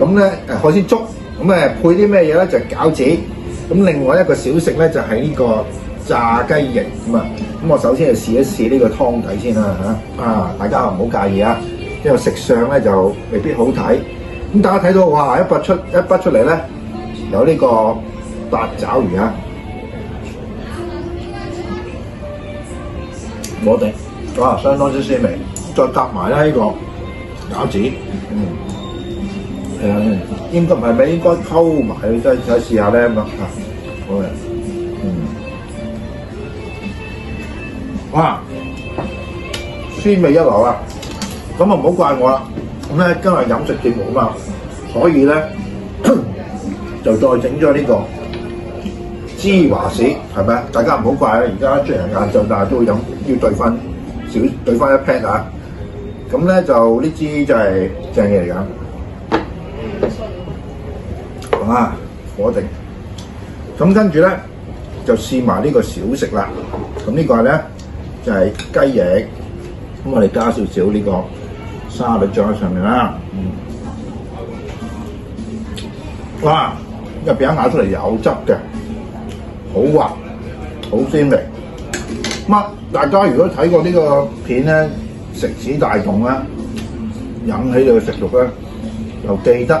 咁咧，誒海鮮粥，咁誒配啲咩嘢咧？就係、是、餃子。咁另外一個小食咧，就係呢個炸雞翼咁啊。咁、嗯嗯、我首先就試一試呢個湯底先啦嚇、啊。啊，大家唔好介意啊，因為食相咧就未必好睇。咁、嗯、大家睇到哇，一筆出一筆出嚟咧，有呢個八爪魚、嗯嗯、啊，我哋哇相當之鮮味，再搭埋咧呢個餃子，嗯。係啊、嗯，應該唔係咩？應該溝埋，即再試下呢。咁好嘅，嗯，哇，鮮味一流啊！咁就唔好怪我啦、啊。咁咧今日飲食節目嘛，所以呢，就再整咗呢個芝華士係咪啊？大家唔好怪現在要啊！而家出嚟晏晝，但係都要飲，要兌翻少，兌翻一 pat 啊！咁咧就呢支就係正嘢嚟㗎。啊，火定，咁跟住咧就試埋呢個小食啦。咁、這個、呢個咧就係、是、雞翼，咁、嗯、我哋加少少呢個沙律醬喺上面啦。嗯，哇，入邊咬出嚟有汁嘅，好滑，好鮮味。咁大家如果睇過呢個片咧，食指大動啦，引起你嘅食欲咧，又記得，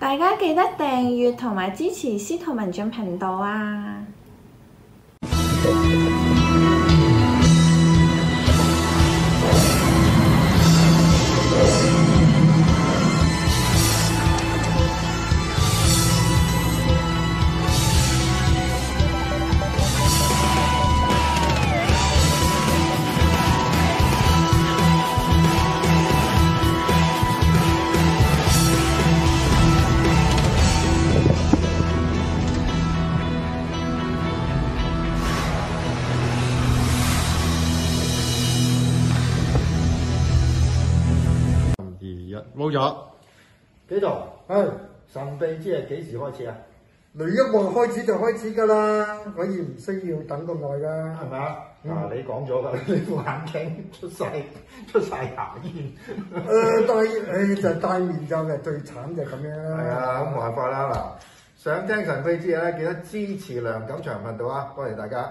大家記得訂閱同埋支持司徒文進頻道啊！咗幾度？哎，神秘之日幾時開始啊？雷一望開始就開始噶啦，可以唔需要等咁耐噶，係咪、嗯、啊？嗱， 你講咗啦，副眼鏡出晒出晒牙煙，誒、呃，戴誒、 哎、就戴、是、面罩嘅，最慘就咁樣啦。係啊，咁冇、啊、辦法啦。嗱，想聽神秘之日咧，記得支持梁錦祥頻道啊！多謝大家。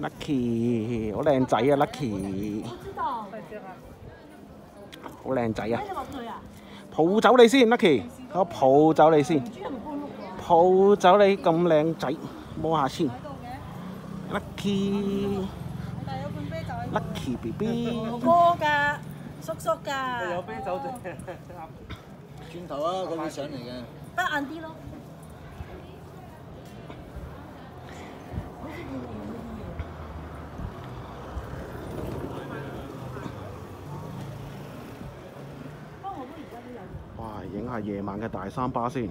Lucky，好靚仔啊！Lucky，好靚仔啊！抱走你先，Lucky，我抱走你先，抱走你咁靚仔，摸下先，Lucky，Lucky BB，哥噶，叔叔噶，有啤酒啫，轉頭啊，佢會上嚟嘅，得硬啲咯。哇！影下夜晚嘅大三巴先，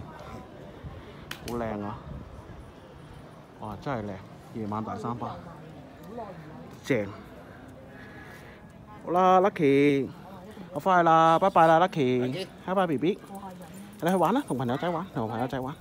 好靚啊！哇！真係靚，夜晚大三巴，正。好啦，Lucky，我翻嚟啦，拜拜啦，Lucky，拜拜，B B，你去玩啦，同朋友仔玩，同朋友仔玩。